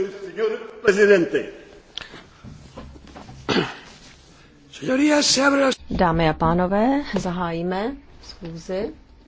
señor presidente. Dámy a pánové, zahájíme schůzi.